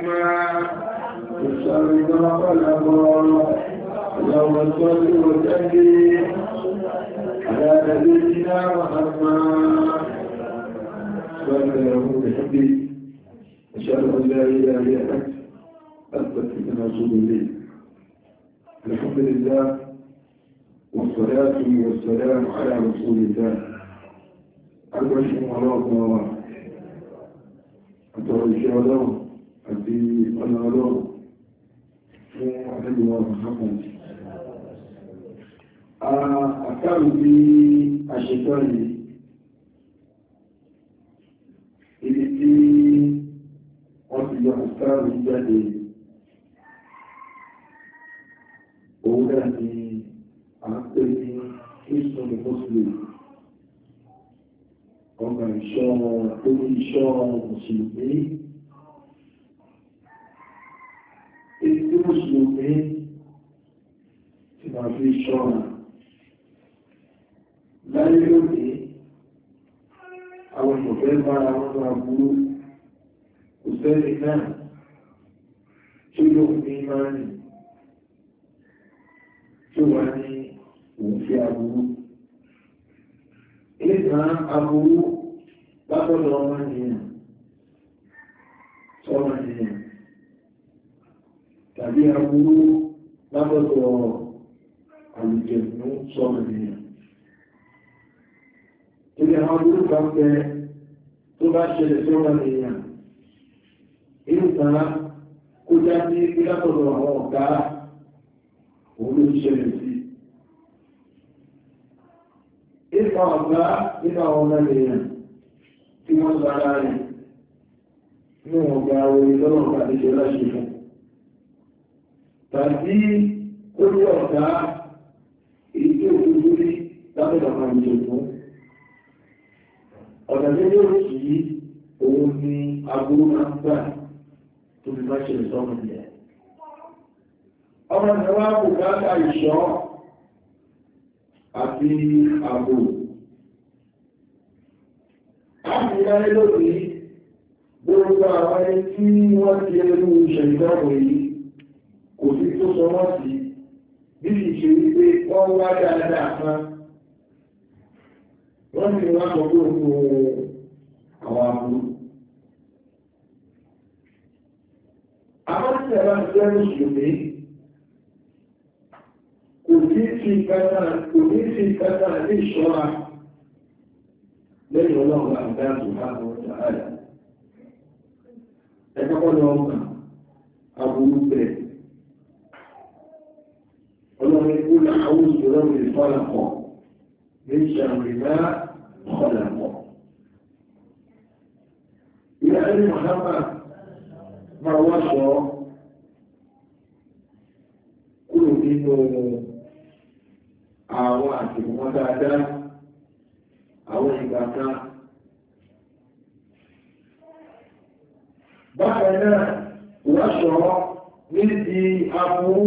الرحمن وشر أن لا إله إلا أنت أثبت أن أتوب إليك الحمد لله والصلاة والسلام على رسول الله أرجو الله إن شاء الله àti ọ̀nà ọlọ́run fún àtẹ́gbọ̀n ọ̀hánkan. Àkàrù bí àṣetọ́ yìí, ibi tí wọ́n ti yọ àkàrù jáde, òun náà ni a ń pè ní Christian Muslim. Ọgbà ìṣọ́ orí ìṣọ́ Mùsùlùmí èyí tí mùsùlùmí ti máa fi ṣọ́nà láyé lónìí àwọn ìfẹ́ bára wọn máa burú kò sẹ́ni náà tí yóò ní máa nì tí wà ní òun fi aburú ìgbà aburú látọ̀dọ̀ ọmọ nìyàn sọ́mọ nìyàn tàbí aburú lábọ́dọ̀ àlùjẹ̀nú sọ́nà nìyàn. Ilé àwọn aburú kan bẹ tó bá ṣẹlẹ̀ sọ́nà nìyàn. Ìrùtàn kó já ní lábọ́dọ̀ àwọn ọ̀gá òun ló ṣẹlẹ̀ sí. Ìfà ọ̀gá nínú àwọn ọmọ nìyàn tí wọ́n sọ ara rẹ̀ ní ọ̀gá orí lọ́wọ́ pàdé ṣe láṣẹ fún tàbí orí ọ̀gá èyí tí ó kúrú rí lábẹ́dà máa ń jẹ fún. ọ̀nà lẹ́yìn oṣù yìí òun ni agbóró máa ń gbà tó fi bá ṣẹlẹ̀ sọ́mù ilẹ̀. ọmọ ìwà kò bá ta ìṣọ́ àti ààbò. láti wáyé lónìí gbogbo àwọn ẹni tí wọ́n ti ẹrú ṣẹ̀dọ́rọ̀ yìí ìwé tó sọ wọ́n sí bí ìṣe wípé wọ́n wá dáadáa kan wọ́n sì wá sọ pé òun ò àwọn àbúrò. Àwọn tí a jẹ́ mùsùlùmí kò ní sí ìkàtà kò ní sí ìkàtà ní ìṣọ́ra lẹ́yìn ọlọ́run àgbà tó bá wọn sàárà. Ẹ kọ́kọ́ lọ ọkàn àbúrú bẹ̀rẹ̀ ni kó làwọn ìṣòro rẹ̀ fọ́lọ̀pọ̀ lè ṣàrìnà fọ́lọ̀pọ̀. Ìyá ẹni Muhammad máa wá sọ kúrò nínú àwọn àtìmọ́ dáadáa, àwọn ìgbà kan. Bákan náà, wá sọ níbi aburú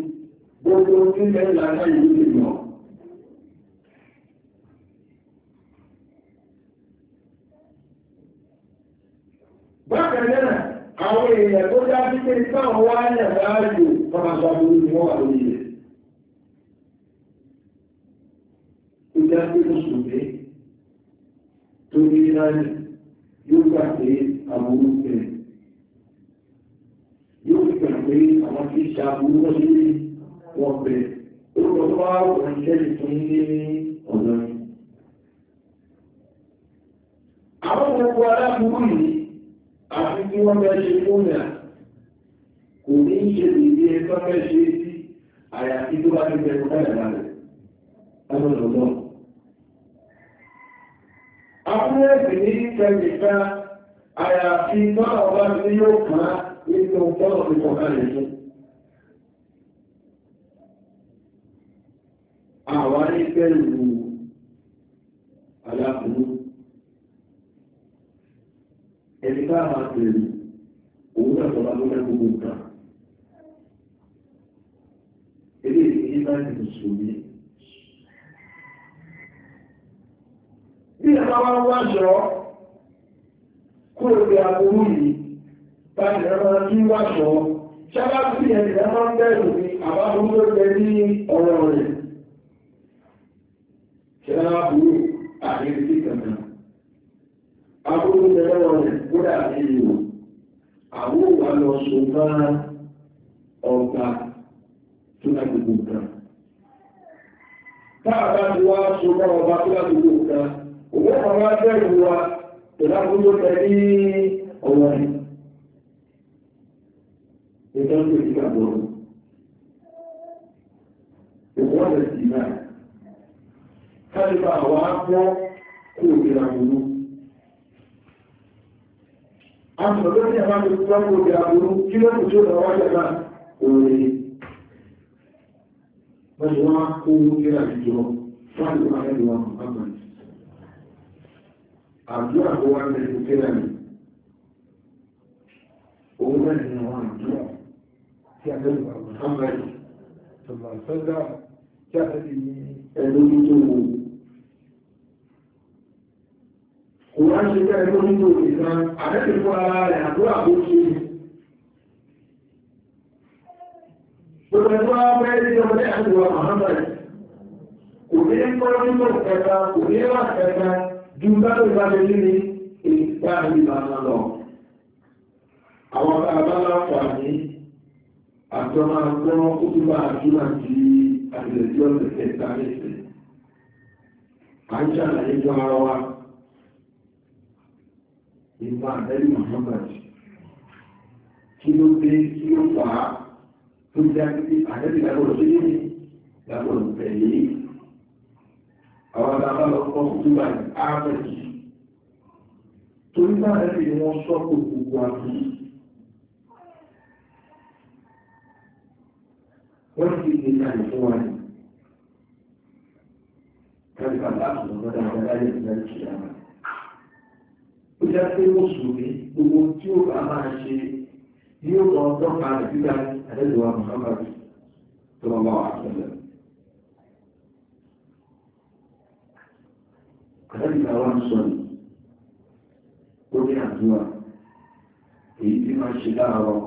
gbogbo nílẹ̀ ìlànà ìlú ìmọ̀. Bákan náà, àwọn èèyàn tó dájú pé táwọn wá ń yàrá ààyò máa ṣàbò ìmọ̀ àwọn ilẹ̀. Ó dájú pé Mùsùlùmí tó ní láyé yóò gbà pé àwọn olùkẹ́ yóò gbà pé àwọn kìí ṣàbò wọ́n sí wọ́n pè orúkọ tó bá wọ́n jẹ́ ìtún ní ọ̀nà yìí. Àwọn gbogbo aláburú yìí àti tí wọ́n bẹ́ ṣe fóònà kò ní ṣe ìdí ẹgbẹ́ fẹ́ ṣe sí àyàfi tó bá ti bẹ̀rù báyà lálẹ́. Àwọn ọ̀dọ́. Àwọn ẹ̀sìn ní kẹ́míkà àyàfi tọ́lọ̀ bá ti yóò kàn án nínú àwọn ẹgbẹ̀rù aláàbùnú ẹni bá àwọn àtẹ̀rù òun náà sọ̀rọ̀ ló mẹ́kọ̀ọ́ gbogbo nǹkan ilé ìdíyí bá ti mùsùlùmí bí ẹ̀ka wá wájọ kó o lè aburú yìí bá ìrẹ́mọ ní wájọ ṣábà sí ẹ̀ka máa ń bẹ̀rù ní àbábúrú ló ní ọ̀rọ̀ rẹ̀ ìran aburú àdéhùn sí kankan aburú tẹ́lẹ̀wọ̀n rẹ̀ kódà sí ìwò àwọn òwà lọ so bá ọgbà tó lágbègbè kan táàbá ti wá so bá ọgbà tó lágbègbè kan òwò kan wá bẹ̀rù wa ìlàkúndó tẹ ní ọwọ́ rẹ̀ ìtọ́jú ìdíkàgbọ̀rọ̀ ìwọ́n rẹ̀ sáré bá àwọn akọ́ kó ìlera burú. a sọ lórí ẹ̀fà mi kúrò kó ìlera burú kí ló kù tí ó lọ wájú ẹ̀fà òwe wọ́n ti wá kó ìlera jùlọ fún àdúrà ẹ̀rọ wọn àmà àdúrà tó àwọn àdúrà tí a fẹ́ lọ àmà yìí. a fẹ́ ní ẹlórí tó òun á ṣe bẹ́ẹ̀ ló nílò ìsan àdẹ́sì fún ara rẹ̀ àdúrà bó ṣe gbogbo ẹgbẹ́ ọgbẹ́ ilé ọdẹ àdúrà Muhammad kò ní kọ́ nínú ẹ̀ka kò ní wà ẹ̀ka ju báwo bá lè ní ní ìgbà ìlànà lọ àwọn bá bá láǹfààní àjọmọ́ àgbọ́n ó tún bá àdúrà di àdìrẹ́jọ́ ẹ̀ka lẹ́sẹ̀ à ń ṣàlàyé fún ara wa ìgbà àbẹ́lì Muhammad kí ló dé kí ló fà á tó jẹ́ pé àbẹ́lì lágbọ́dọ̀ tó yé lágbọ́dọ̀ tẹ̀lé àwọn àbá lọ kọ́ ìgbà áfẹ́kì torí bá ẹ̀rí wọn sọ́kò gbogbo àbí wọ́n ti ní àyè fún wa ní káríkà láti lọ́dọ̀ àwọn adáyé ìgbà ìkìlá náà ó jẹ́ pé mùsùlùmí gbogbo tí ó bá máa ṣe ní ó lọ tọ́ka rẹ̀ gbígbà àdẹ́lùwà muhammadu tó lọ bá wà sọ́lẹ̀. àdẹ́lùwà wà sọ́lẹ̀ ó ní àdúrà èyí tí máa ṣe láàárọ̀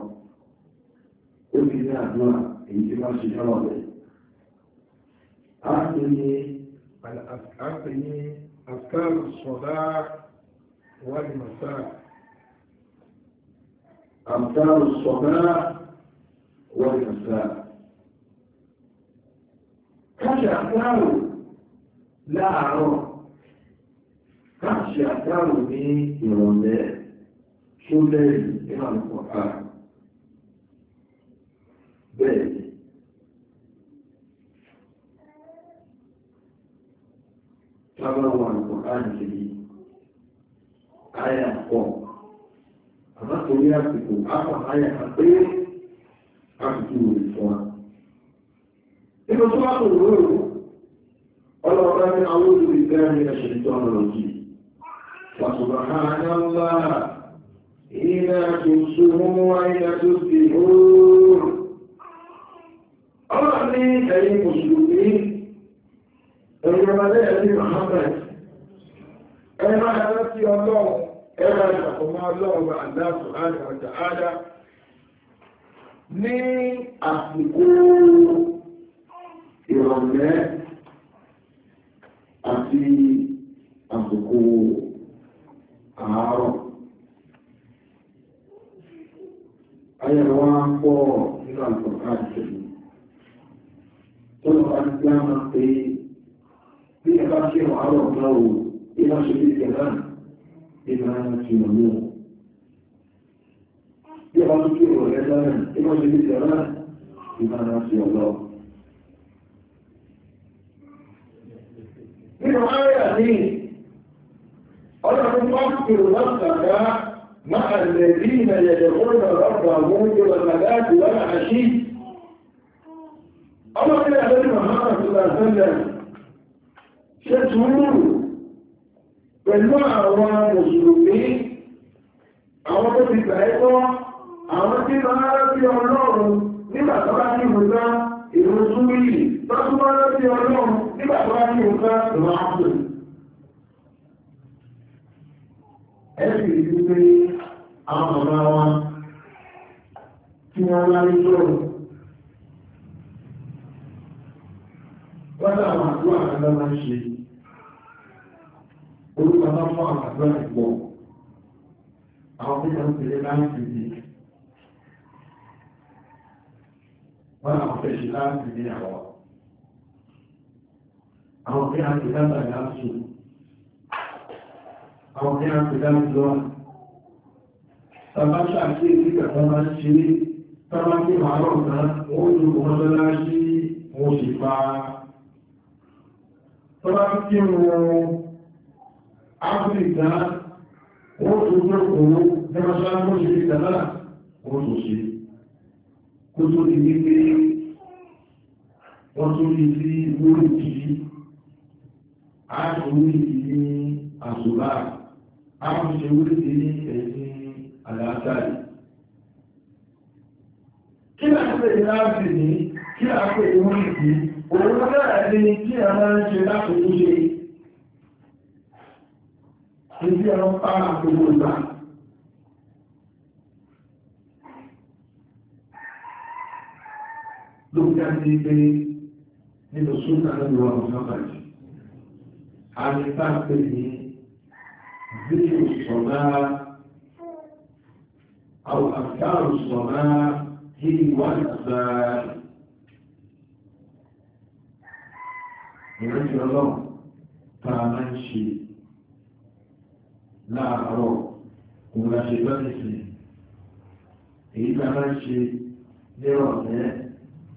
ó ní ní àdúrà èyí tí máa ṣe lọ́wọ́ أعطني الأفكار الصباح والمساء أمثال الصباح والمساء كاش أمثال لا أعرف كاش أمثال بي يومي شو ليل إلى القرآن بيت عن القرآن الكريم àyà pọ̀ àbátorí àsìkò àpà àyà pé àsìkò rẹ̀ fún wa. Nínú tó bá tó lóòrò, ọlọ́ọ̀dá ní àwọn olùrí bẹ́ẹ̀ ní ẹ̀ṣẹ̀ tó ọmọ lọ sí. Fàṣùbà ha ní ọlá ìlà tó súnmọ́ wá ìlà tó sì hóòrò. Ọlọ́ọ̀ ní ẹ̀yìn Mùsùlùmí, ẹ̀yìn ọmọdé ẹ̀yìn Muhammad, ẹ̀yìn máa rántí ọlọ́run ẹ̀rọ ìṣàkómọ́ ọlọ́run Allah subhanahu wa ta'ala ní àsìkò ìrọ̀lẹ́ àti àsìkò àárọ̀. Ayẹ̀rọ wa ń pọ̀ nínú àtọ̀ká ìṣẹ̀lẹ̀. Tó lọ bá ti gbá máa bí ẹ bá ṣe àárọ̀ náà ò, bí wọ́n ṣe bí ìṣẹ̀lẹ̀ ìmáàmù tí wọ́n mú. Bí ọba tó kí ìwọ̀n rẹ̀ lọ́nà, ìwọ̀n ṣe ní ìjọba náà, ìmáàmù tí wọ́n lọ. Nínú ààrẹ na ọlọ́run bá kìrò lọ́sàdá na lè bí ìrìnàjẹ̀jẹ̀ fún ọ̀rọ̀ àwọn pẹ̀lú àwọn mùsùlùmí àwọn tó ti gbà ẹ́kọ́ àwọn tí máa rántí ọlọ́run nígbà tó bá ní tó ọlọ́run nígbà tó bá ní ẹ̀sì ìlú pé àwọn wa tí wọ́n wọ́n orúkọ náà fún àgbàdo àìpọ̀ àwọn tó yàn pèlè láti di wọ́n àwọn fẹ́ ṣe láti di àwọn àwọn fẹ́ àti dábà láti àwọn fẹ́ àti dábà lọ́wọ́ tàbáṣà sí ìdíkà tàbá ṣe tàbá sí màárọ̀ náà wọ́n ju wọn lọ́lá sí mo sì fa tọ́lá kí wọ́n áfíríkà wọ́n tó jẹ́ òun dẹ́mọ́sá mọ́sí ìtàlá wọ́n tó ṣe kó tó di wípé wọ́n tó rí sí lórí ìdí àtúrí ìdí àṣùlá àmúṣe orí ìdí ẹ̀sìn àlàáfíà kí láti láti ní kí láti orí ìdí òun náà ní kí a máa ń ṣe láti ibi ẹ̀rọ pa gbogbo ìgbà lókè ní pé nínú súnà lórí wa mọ̀sánbàjì àmì táàpé ní zíò sọ̀nà àwọn àkàrò sọ̀nà kí wà nígbà ìrántí ọlọ́run tá ń ṣe láàárọ̀ òun la ṣe lọ́sẹ̀sẹ̀ èyí tí a máa ń ṣe lérò ọ̀sẹ̀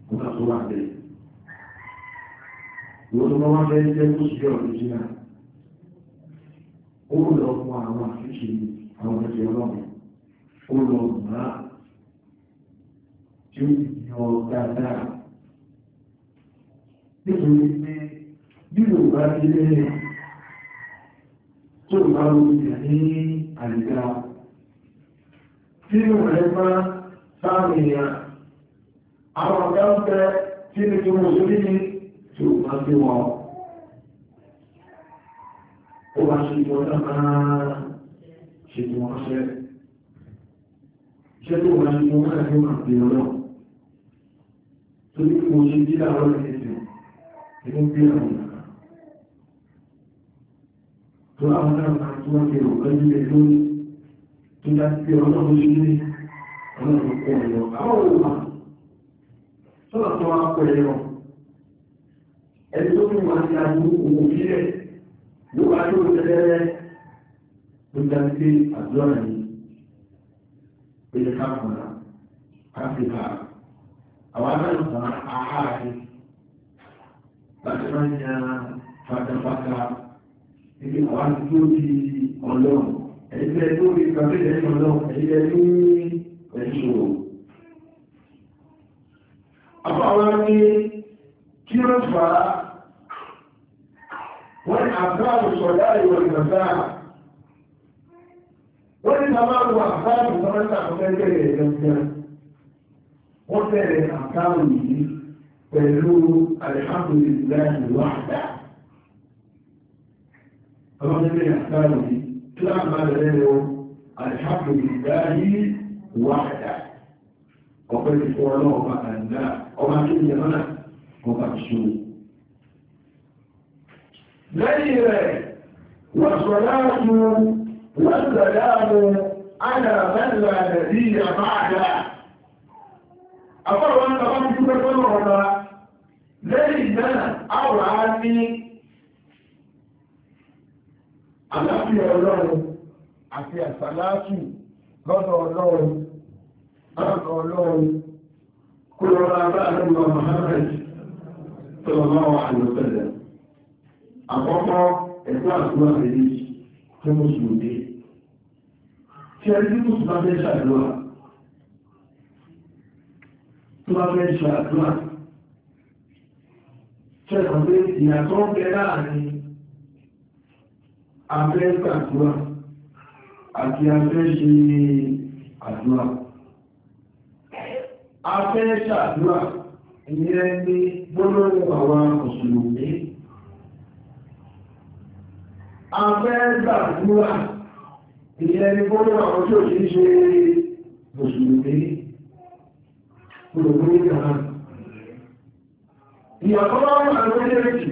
òun àti wà bẹ́ẹ̀. ìwọ́n tó máa wá fẹ́ jẹ́ kó ṣiṣẹ́ ọ̀dọ̀ sí náà ó lọ fún àwọn àṣìṣe àwọn ẹ̀jẹ̀ ọlọ́run ó lọ mọ́ tí ó yàn dáadáa nítorí pé bí Yorùbá ti lé tí ó ń rúgbìn ní àìdá. Tí ó rẹ̀ máa sáàmìyà, àwọn ọ̀gá ń bẹ tí ní tí mo sórí ní tí ó máa fi Ó wá ṣe ìjọ dáadáa ṣe tí wọ́n ṣẹ́. Iṣẹ́ tó wá ṣe mọ́ mẹ́rin ló máa fi ọlọ́. Torí mo ṣe dídá ọlọ́rin ìsìn, inú bí àwọn tó láwọn náà kan tí wọ́n ti rò kẹ́jú lè lórí tó dá sí ọlọ́run sí ní ọlọ́run pọ̀ ẹ̀yọ àwọn òwúwa sọ́dọ̀ tó wá pọ̀ ẹ̀yọ ẹni tó fi wà ní àbú òwò sílẹ̀ ló wà ní òtẹ́lẹ́rẹ́ àwọn aláìsàn àhárẹ̀ láti máa ń yan pátápátá ibi àwọn tó di ọlọ́run ẹ̀yẹ́ tó rí kàfílẹ̀ ẹ̀yìn ọlọ́run ẹ̀yẹ́ ní ẹ̀ṣọ́ àbáwọn ní kí ó fà á wọ́n àbáwọn sọ̀dá ìwọ̀n ìgbàgbà wọ́n ní àbáwọn àbáwọn sọ́mọ́ta fẹ́ẹ̀rẹ̀ ẹ̀yẹ́ wọ́n fẹ́ẹ̀rẹ̀ àbáwọn yìí pẹ̀lú alhamdulillahi wahda فمن من أحبابه تعمل له الحق لله وحده وقل سبحانه ما أنا وما كل يمنع وما تشوف ليل والصلاة والسلام على من لا نبي بعده أقول أنت قد تكون ليلا أو عني àlàáfíà ọlọ́run àti àsàlátù lọ́dọ̀ ọlọ́run lọ́dọ̀ ọlọ́run kó lọ́ra bá àrùn Muhammad sallallahu alaihi wasallam àkọ́kọ́ ẹ̀kọ́ àdúrà rẹ̀ tó mùsùlùmí tí ẹni tí mùsùlùmí fẹ́ ṣàdúrà tó bá fẹ́ ṣàdúrà tẹ́kọ̀ọ́ pé ìyàtọ̀ ń bẹ láàrin afẹ́ẹ́sẹ̀ àdúrà àti afẹ́ẹ́ṣe àdúrà afẹ́ẹ́ṣẹ̀ àdúrà ìyẹn ní gbọ́nà àwọn mùsùlùmí afẹ́ẹ́ṣẹ̀ àdúrà ìyẹn ní gbọ́nà àwọn tí ò sí ṣe mùsùlùmí olùgbé ìyàwó ìyàwó àwọn ẹgbẹ́ méjì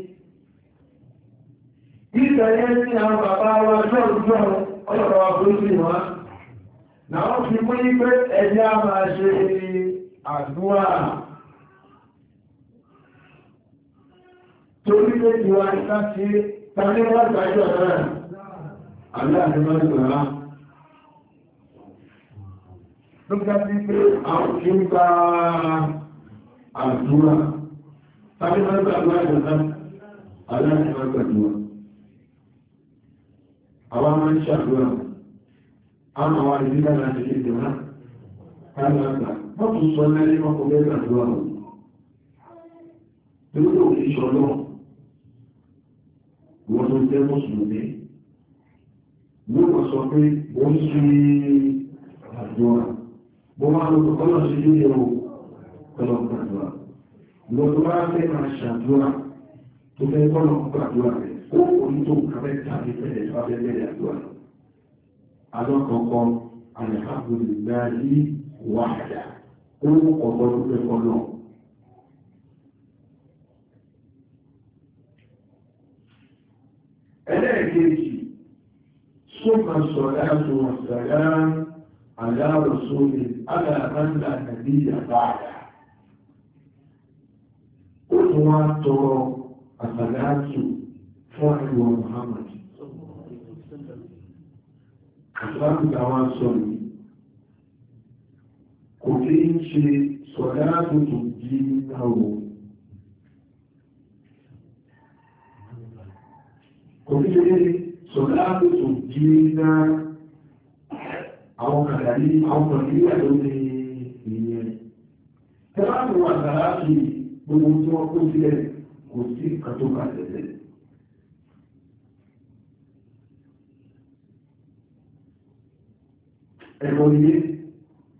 ìtẹ̀yẹ ní àwọn bàbá wa jọ́rùjọ́ ọlọ́pàá burúkú wá náà fi mú ipé ẹ̀yà máa ṣe àdúrà torí pé ìwà ìta sí tàbí wọ́n gbájọ́ náà aláàdúrà lọ́gbà sí pé àwọn kí ń gba àdúrà tàbí wọ́n gbájọ́ náà aláàdúrà àwọn máa ń ṣàdúrà àwọn àwọn ìdílé láti ṣe ìdùnnà kálàgbà wọ́n tún sọ lẹ́yìn ọkọ̀ bẹ́ẹ̀ àdúrà wọn torí kò kí ṣọlọ́ wọ́n tó jẹ́ mùsùlùmí ní wọ́n sọ pé ó ń àdúrà bó máa ń lọ kọ́lọ̀ sí ilé o kọ́lọ̀ gbàdúrà lọ́dún bá fẹ́ máa ṣàdúrà tó fẹ́ kọ́lọ̀ gbàdúrà rẹ̀ kó onítò kàbẹ́ tàbí tẹ̀lé tàbí tẹ̀lé àdúrà. Alọ́kọ̀ọ́kọ́ alihamudulilayi wàhálà orúkọ ọ̀pọ̀ lókè kọ́nà. Ẹlẹ́ẹ̀kejì, sọ́kà sọ̀rọ̀ àti wàsàlá aláwọ̀ sórí aláàbáńdà tàbí ìyàbáàdà. Ó tún wá tọrọ àsàlá tù fọ́ọ̀lù wọn Muhammad kàtàkì àwọn sọ̀rọ̀ kò kí ń ṣe sọ̀dá tuntun jí àwọ̀ kò kí ṣe sọ̀dá tuntun jí náà àwọn kàtàkì àwọn nàìjíríà ló ní ìyẹn tẹ́lá àwọn àgbàlá fi gbogbo tí wọ́n kó sílẹ̀ kò sí kàtó kàtẹ̀lẹ̀ ẹ̀kọ́ ilé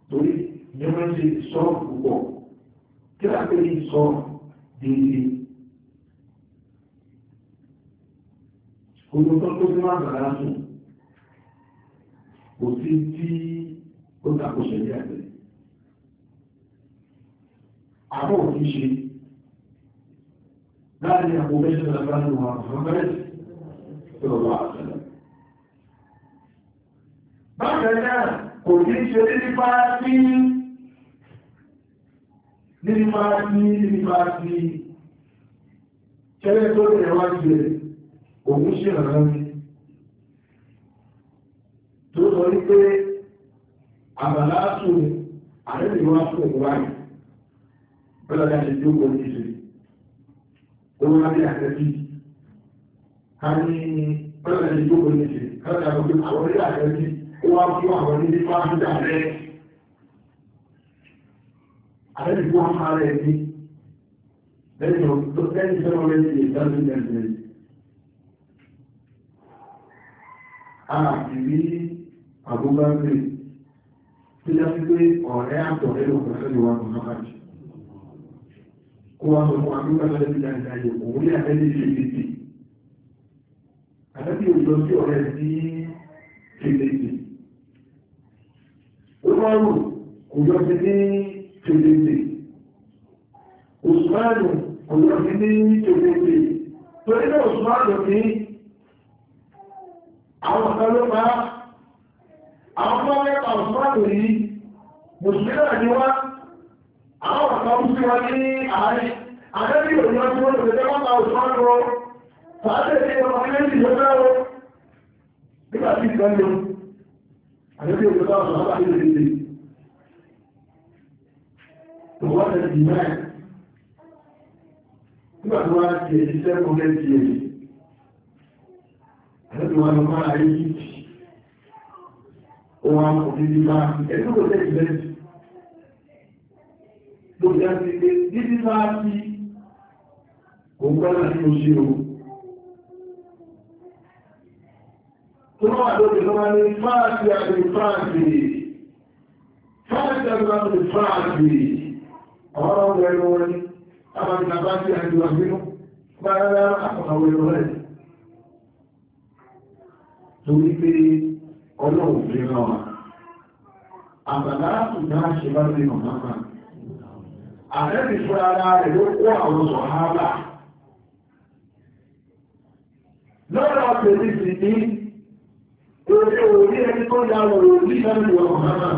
torí ní wọ́n ṣe sọ púpọ̀ kí a pè ní sọ déédéé gbogbo tó tó fún àgbàrá sùn kò sí tí ó tàkóso ilé àgbẹ̀ àbọ̀ òfin ṣe láàrin àpò mẹ́sàn-án àbájú wọn àwọn mẹ́rin tó lọ́wọ́ àṣẹ Bákan náà, kò ní ṣe ní máa ní ní máa ní ní máa ní kẹ́lẹ́ tó rẹ̀ wá jẹ́ òun ṣe rán ní tó sọ wípé àbàlá tún àrẹ́lẹ̀wá fún ìwáyìí bọ́lá láti jókòó ní ìṣẹ́ òun láti àtẹ́bí ká ní bọ́lá láti jókòó ní ìṣẹ́ ká ní àwọn orí àtẹ́bí ó wá fún àwọn ní nípa àbúdà rẹ̀ àrẹ́bí wọ́n máa rẹ̀ ní lẹ́yìn tó tẹ́lẹ̀ fẹ́ràn rẹ̀ sí ìdájú lẹ́sẹ̀ àti rí àbúgbàgbé tó já sí pé ọ̀rẹ́ àtọ̀rẹ́ ló pẹ̀lú ìwà tó mọ́kàjì kó wá sọ fún àbúgbàgbé ti dájú ayé òun ní àtẹ́lẹ̀ ìṣe ìdíje àtẹ́lẹ̀ òjò sí ọ̀rẹ́ sí ìdíje Umaru kò yọ sí ní tòlèdè. Usmanu kò yọ sí ní tòlèdè. Torí náà Usmanu ní àwọn kan ló máa àwọn kan lẹ́pa Usmanu yìí, Mùsùlùmí ni wá, àwọn kan ń sí wa ní àárín. Àdébí òun yọ sí wọ́n lè fẹ́ wọ́n ta Usmanu rọ. Fàájẹ́ sí ọmọ ilé ìjọba rọ. Nígbà tí ìkan lè àdébí òkú táwọn sọ̀rọ̀ bá nílé nílé tó wá lè dì náà nígbà tó wá ti èyí sẹ́kùn lè ti èyí àdébí wọn lọ máa ayé yìí òun àwọn òbí bí máa ẹni tó lè ti lẹ́yìn lóòjá ti pé dídí máa fi òun gbọ́dọ̀ sí Túnmọ́ àdókè tó máa ní fáàtì àti fáàtì. Fáàtì àti fáàtì fáàtì. Àwọn ọmọ ẹ̀rọ wọn ni, àbájú àbájú àti àbínú, bá rárá àkọ̀kọ̀wé rẹ̀. Torí pé ọlọ́run fi rán wa. Àbàdá àtúndá ṣe bá lè nà máa máa. Àrẹ́bì fún ara rẹ̀ ló kó àwọn sọ̀hábà. Lọ́rọ̀ ọ̀pẹ̀ ní ti ní Torí òní ẹni tó ya lọ òní lẹ́nu ìwọ̀n Mùhàmá.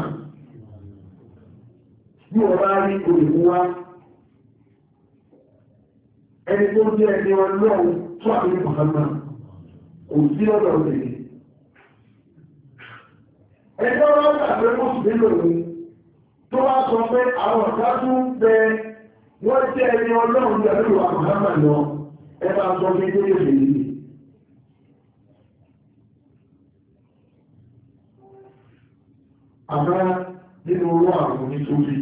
Bí wọ́n bá rí òyìnbó wá, ẹni tó jẹ́ ẹni ọlọ́run tó àmì Mùhàmá, kò sí ọ̀dọ̀ òní. Ẹjọ́ wọn tàbí ó sì nílò ní tó wá sọ pé àwọn ọ̀gá tún bẹ wọ́n jẹ́ ẹni ọlọ́run yàrá ìwọ̀n Mùhàmá lọ, ẹ sọ pé kí ó àmá nínú oró àrùn nítorí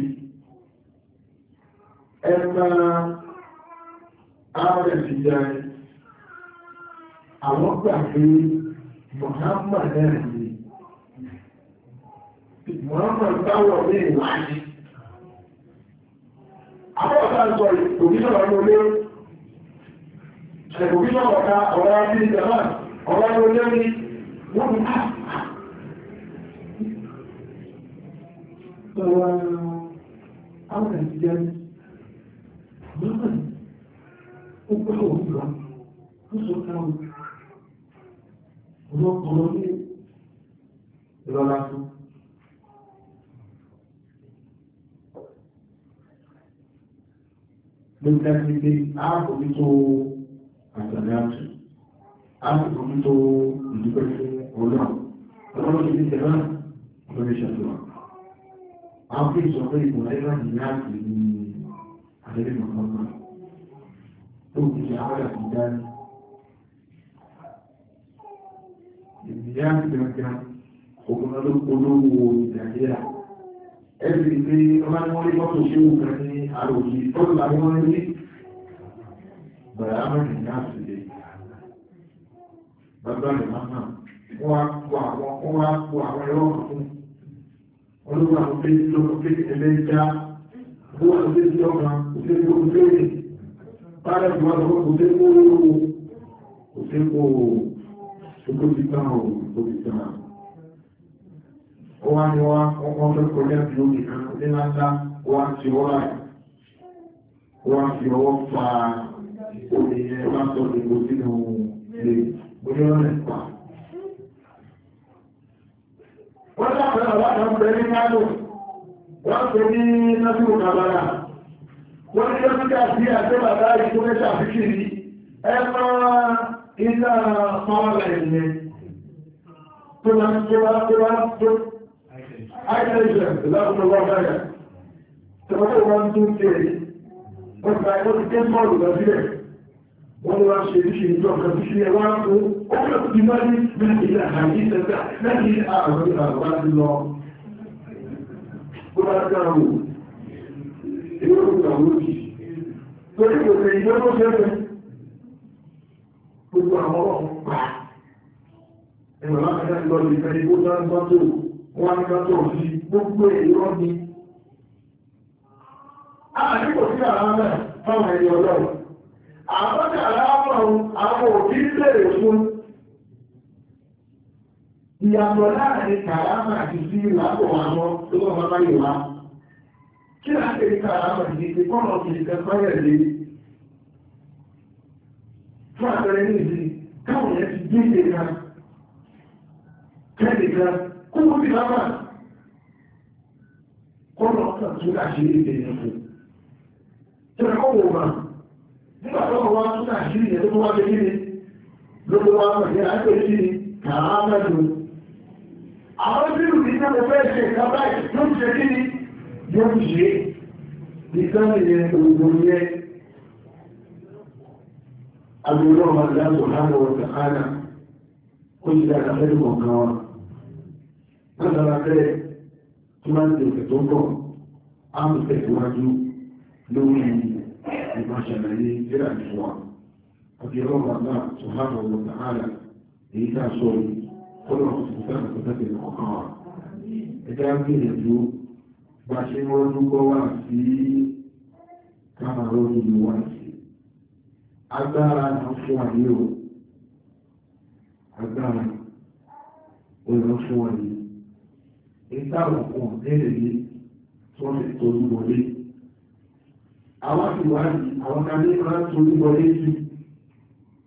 ẹgbà ààrẹ ti jẹ àwọn gbà pé Muhammad náà ni Muhammad táwọ̀ ní ìwádìí àwọn ọ̀tá ń sọ ìpòmíṣọ́ ọmọ olé ẹ̀kòmíṣọ́ ọ̀tá ọ̀rọ̀ ajé ìjọba ọ̀rọ̀ olé ní wọ́n ni tsawon auren gidan yawan ƙwaƙwaro ruwa ƙasar kawo rọ̀kọ̀rọ̀ ní ìrọ̀lá fún lókàtílé ààbòmí tó àtàlẹ́àtù ààbòmí tó ìdúgbẹ́ fún ọlọ́run ọlọ́run ìdíjẹ̀ náà lórí ṣàtúwàá àwọn tí sọ pé ìmọ̀ ẹgbẹ́ ní láti ní àrẹ́rẹ́ mọ̀mọ́mọ́ tó kù sí àwọn àti dání ìdíyà ti gbẹ̀gbẹ̀ òkun olówó ìdàdíyà ẹ̀sì pé ọmọ ni wọ́n rí mọ́tò ṣe wù kan ní àròjì tó làwọn wọ́n rí bàrá mọ́rin láti bàbá rẹ̀ máa wọ́n á kó àwọn ẹ̀rọ fún olúwa pé lókùté ẹlẹ́jà wọ́n àti ìjọba ṣe lókùté pàdé ìwọ́n tó kò tẹ́ kó rúrú kò tẹ́ kó ṣogbo ti tán ò tó ti tán ó wá ní wá ọkọ̀ tó kò lẹ́ fi omi kan ní láńlá wá ti ọwọ́ bàbá kan bẹ ní kánò wọ́n pè ní nọ́bíwò kàbàrà wọ́n ní dókítà sí àti bàbá ìtòkẹ́sà fíkìrì ẹ máa iná pàwọ́lá ìlẹ̀ tó máa ń tó wá tó wá tó àìsẹ̀lẹ̀ láàrín ọwọ́ báyà tọ́wọ́ tó wá ń tó tẹ̀lé wọ́n ti tẹ́ bọ́ọ̀lù lọ sílẹ̀ wọ́n wá ṣe bí ṣe ìjọ ọ̀kan bí ṣe wá fún ọjọ́ ti máa ní láti ilẹ̀ àyè ìṣẹ́ta láti àwọn ìgbàgbà ti lọ bó bá dára wò èyí ò gbà wó jì torí kò sí ìjọ tó ṣẹlẹ̀ gbogbo àwọn ọ̀hún pa ẹ̀rọ lákàtà lọ sí ìfẹ́ ìbò náà ń tọ́tò wọn ń tọ́tò sí gbogbo èrò ni. a àdìpọ̀ sí àwọn ọmọ ẹ̀ fáwọn ẹni ọlọ́run àwọn tààrà àwọn òbí bèèrè fún ìyàtọ̀ láàrin kàrámà àti sí ìlàpọ̀ àwọn tó wọ́n bá báyìí wá kí láti rí kàrámà àti sí kọ́nà kìí kẹfẹ́rẹ̀ lé fún àpẹẹrẹ ní ìdí káwọn yẹn ti gbé kan kẹ́lì kan kúrú bí kọ́nà kan ìdè tí wọ́n kọ́ nígbà tó wọ́n wá tún àṣírí yẹn tó wá lé kí ni lóko wá mọ̀ ní àpè kí ni kàá mẹ́lò. àwọn bírù ní náà mo fẹ́ ṣe ìkápá yóò ṣe kí ni yóò ṣe nìkan nìyẹn òògùn yẹn. àgbèrè ọmọ ìyá sọ̀rọ̀ àwọn ọ̀sán ánà kó ṣe dáadáa fẹ́ lùmọ̀ kan wọn. wọ́n sára fẹ́ tí wọ́n ti tẹ̀ tó ń bọ̀ á mú tẹ̀síwájú lórí ìlú nípa ṣàlàyé ìrà ìfọwà àti ọlọ́run àgbà ṣùgbọ́n àwọn ọ̀tàhálà èyí tá a sọ yìí kọ́lọ̀ ṣùgbọ́n àkọ́tà tẹ̀lé kọ̀ọ̀kan wa ẹ̀dá gbìyànjú bá ṣe ń rọ́jú gbọ́ wá sí kámàrọ́ọ̀nù ni wá tó ń wọlé àwọn ìwádìí àwọn kan ní máa tó ní wọlé sí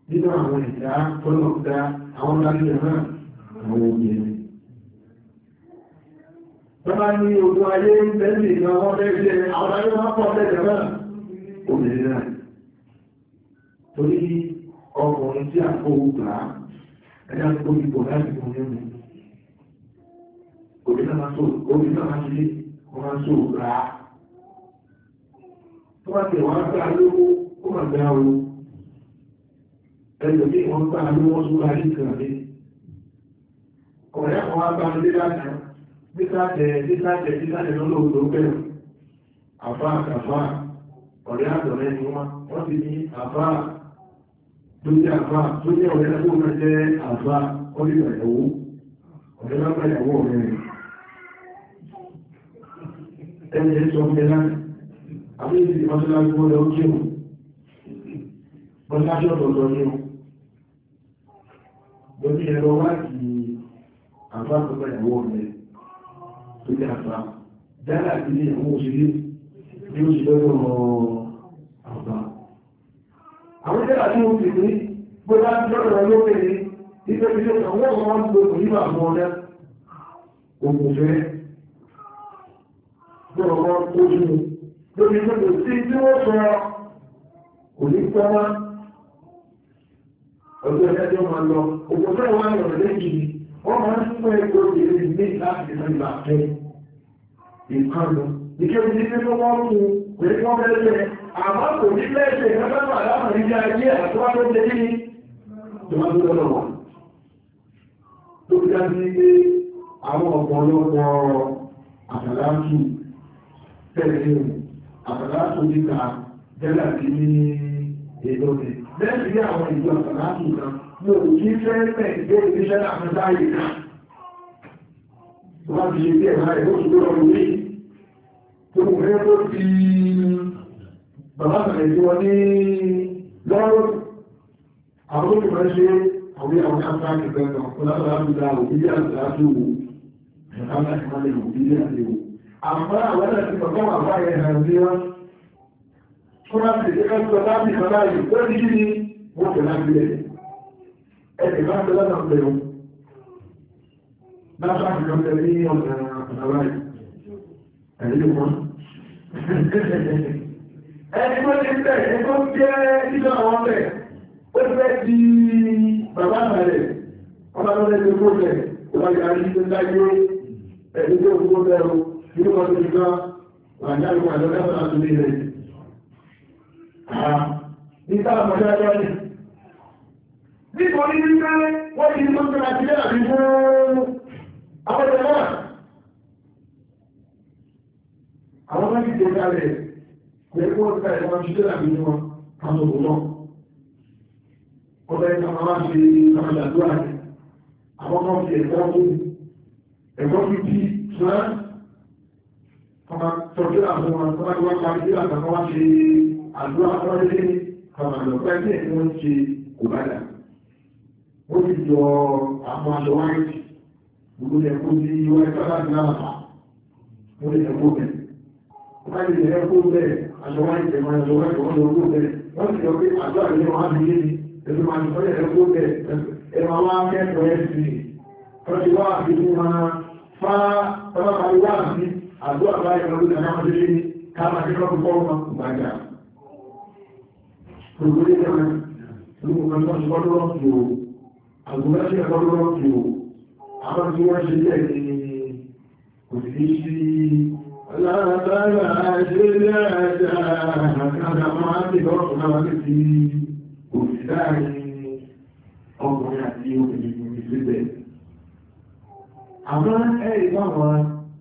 nínú àwọn ìdá tọ́lọ̀ dá àwọn lábẹ́ náà àwọn obìnrin Bọ́bá ní ogun ayé ń tẹ́lì ìgbàwọ́ lẹ́gbẹ̀ẹ́ àwọn ayé máa pọ̀ lẹ́gbẹ̀ẹ́ náà obìnrin náà. Torí ọkùnrin tí a kó gbà á, ẹ̀yà tó gbogbo láti fún nínú. Obìnrin náà máa tó, obìnrin náà máa ṣe, wọ́n máa tó gbà á tó bá tẹ̀ wọ́n gbá lówó ó mà gbá o ẹ̀yọ̀ bí wọ́n gbá lówó sóra ní kàrí ọ̀rẹ́ àwọn agbá ní láti dídájẹ́ dídájẹ́ dídájẹ́ lọ́lọ́gbọ̀ bẹ̀rẹ̀ àbá àkàfà ọ̀rẹ́ àtọ̀rẹ́ ni wọ́n wọ́n ti ní àbá tó jẹ́ àbá tó jẹ́ ọ̀rẹ́ tó mẹ́ jẹ́ àbá ọ̀rẹ́ ìyàwó ọ̀rẹ́ lábẹ́ ìyàwó ọ̀rẹ́ rẹ̀ ẹni sọ fún mi láti àbí ìdí mọ́sálásí wọ́n lọ kí o mọ́sálásí ọ̀tọ̀ọ̀tọ̀ ní o mo ní ẹ̀rọ wáàkì àbákọ̀ọ́bá ìwọ ọ̀rẹ́ tó jẹ́ àbá dára ilé àwọn òṣèré bí ó ṣe lọ́dọ̀ àbá àwọn jẹ́ àti mo fi ní bóyá lọ́dọ̀ lókè ní nígbà tí ó wọ́n wọ́n ń gbogbo nígbà àwọn ọ̀dẹ́ òkùnfẹ́ gbọ́dọ̀ wọ́n kó sínú lórí tó kò sí tí wọ́n sọ kò ní pẹ́ wá ọjọ́ ìdájọ́ máa lọ òkú tó wà ní ọ̀rẹ́ yìí wọ́n máa ń fún ẹgbẹ́ òbèrè ní láti lọ ìgbà fẹ́ nǹkan lọ ìkẹ́bí ní pé wọ́n mú pé wọ́n bẹ́ẹ̀ àmọ́ kò ní lẹ́sẹ̀ ìrẹ́fẹ́fà láwọn ilé ayé àtúwá tó jẹ́ ní tòmátò lọ́wọ́ wọn tó bí dájú pé àwọn ọ̀pọ̀lọpọ̀ àtàlátù tẹ̀lé àtàlátò níta tẹ́lá sí ní èdò rẹ̀ bẹ́ẹ̀ sí àwọn ìlú àtàlátò kan mo ò kí fẹ́ mẹ́ ìgbé ìgbésẹ́ láti dáyé kan wọ́n ti ṣe bí ẹ̀rọ ẹ̀rọ tó lọ rí tó mú fẹ́ tó fi bàbá bẹ̀rẹ̀ tí wọ́n ní lọ́rọ̀ àwọn tó mọ̀ ṣe àwọn àwọn káfíńtì bẹ̀rẹ̀ náà kó látàlátò dá òbí àtàlátò àtàlátò àti òbí àti òbí àmọ́ àwọn náà ti kọ̀kọ́ wà báyẹ̀ nàìjíríà tó máa ti ṣe kọ́ láti kan láàyè tó ní kí ni wọ́n fẹ̀ láti lẹ̀ ẹ̀sẹ̀ máa fẹ́ lọ́nà pẹ̀lú láti láti kan tẹ̀ ní ọ̀nà àbáyé ẹ̀yìn wọn. ẹni tó ti tẹ̀ ẹni tó jẹ́ nínú àwọn tẹ̀ ó fẹ́ di bàbá rẹ̀ ọba lọ́lẹ́ tó kó tẹ̀ ó bá yàrá yìí tó dájú ẹni tó kó tẹ̀ o nípa tó ti gbá wàjáde wà tó láti lè Ní sáà mọ̀já ẹjọ́ ni. Nítorí wípé wọ́n ti tó gbé láti lé àbí fún àwọn ọ̀dọ́ náà. Àwọn bá ti dé kalẹ̀ pẹ̀lú kó ta ẹ̀wọ̀n ṣíṣe àbí wọn àwọn òkú náà. Ọbẹ̀ ìtàn máa ṣe àmàlà àdúrà rẹ̀. Àwọn ọmọ fi ẹ̀kọ́ fún ẹ̀kọ́ fi tí sọ́ọ́ kọmọ tọ́jú àwọn ọmọ tó bá ní wọ́n parí sílá kan wọ́n ṣe àdúrà fọ́lé kọmọ lọ́pẹ́ tí èyí wọ́n ṣe kò bá dà ó ti jọ àwọn aṣọ wáyé gbogbo ẹ̀ kó sí ìwọ́ ẹ̀ sábà ní àmà ó lè ẹ̀kọ́ bẹ̀ ó bá lè ẹ̀kọ́ bẹ̀ aṣọ wáyé tẹ̀mọ́ aṣọ wáyé wọ́n lọ kó bẹ̀ wọ́n ti sọ pé àdúrà ilé wọn á fi yé ni ẹ̀sùn máa addu'a bayan rubuta na majalisi ne kama ta kafa kowa ba ga kurkuri da mai rubuta na su kwallo su agbona shi da kwallo su amma su wani shi ne ku fi shi látara ṣẹlẹ̀ àṣà àkàdà máa ti lọ́pọ̀ náà ti fi òṣìṣẹ́ ọkùnrin àti obìnrin ìgbésẹ̀. àwọn ẹ̀rí báwọn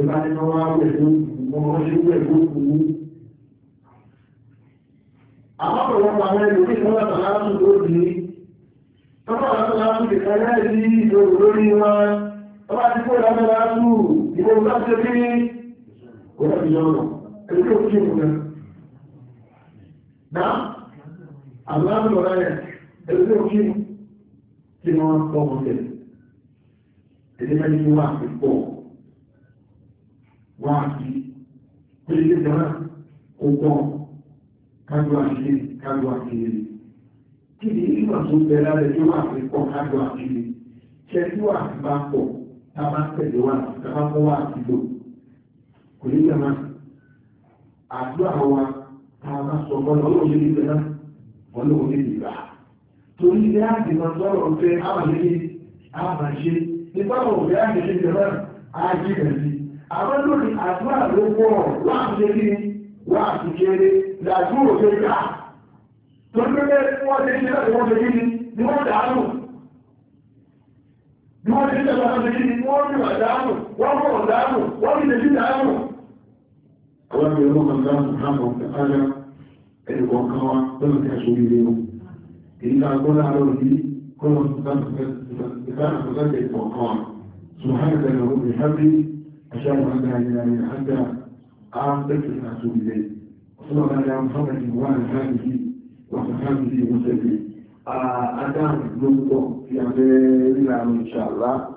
ìbá ní wọ́n wá pẹ̀lú ọmọ ṣe pẹ̀lú òkúrú. Àwọn ọ̀pọ̀lọpọ̀ àwọn ẹlòmí ìfẹ́ wà tàbí láti tó di. Tọ́pọ̀ láti láti kẹta rẹ̀ sí ìdòrò lórí wọn. Tọ́pọ̀ ti kó láti láti ìbò láti ṣe kí kò láti yọ̀rọ̀. Ẹni tó kí ìmúna. Dá àwọn láti lọ́ra yẹn. Ẹni tó kí kí wọ́n pọ̀ mọ́tẹ̀. Ẹni mẹ́rin wà pípọ̀. wọ́n á pé ilé náà ó pọ̀ kájú àṣírí kájú àṣírí kí ni ìgbà tó bẹ lálẹ́ tó wà pọ̀ kájú àṣírí bá pọ̀ tá a bá tẹ̀lé wà tá a bá wà lò kò ní àdúrà wa tá a bá sọ bọ́lá ní ní ìgbà torí ilé pé àwọn àwọn àṣírí nípa àṣírí náà àwọn lórí àdúrà ló pọ̀ láti ṣe kí wọ́n àti kéré làdúrò ṣe gbà tó ń gbé wọ́n ṣe kí láti wọ́n ṣe kí ni wọ́n dàánù bí wọ́n ṣe kí láti wọ́n ṣe kí ni wọ́n rí wà dàánù wọ́n rọ̀ dàánù wọ́n rí lè sí dàánù. àwọn ẹgbẹ́ ló máa ń dá mùsàmù àtàlẹ́ ẹnì kọ̀ọ̀kan wa lọ́nà tí a ṣe orí ilé wọn èyí tá a gbọ́ láàárọ̀ yìí kọ́ lọ́nà tó bá ń sọ̀rọ̀ ìbára أشار أن لا إله إلا أنت أعطيك أتوب إليك وصلى الله على محمد وعلى آله وصحبه وسلم أدام نقطة في عمل إن شاء الله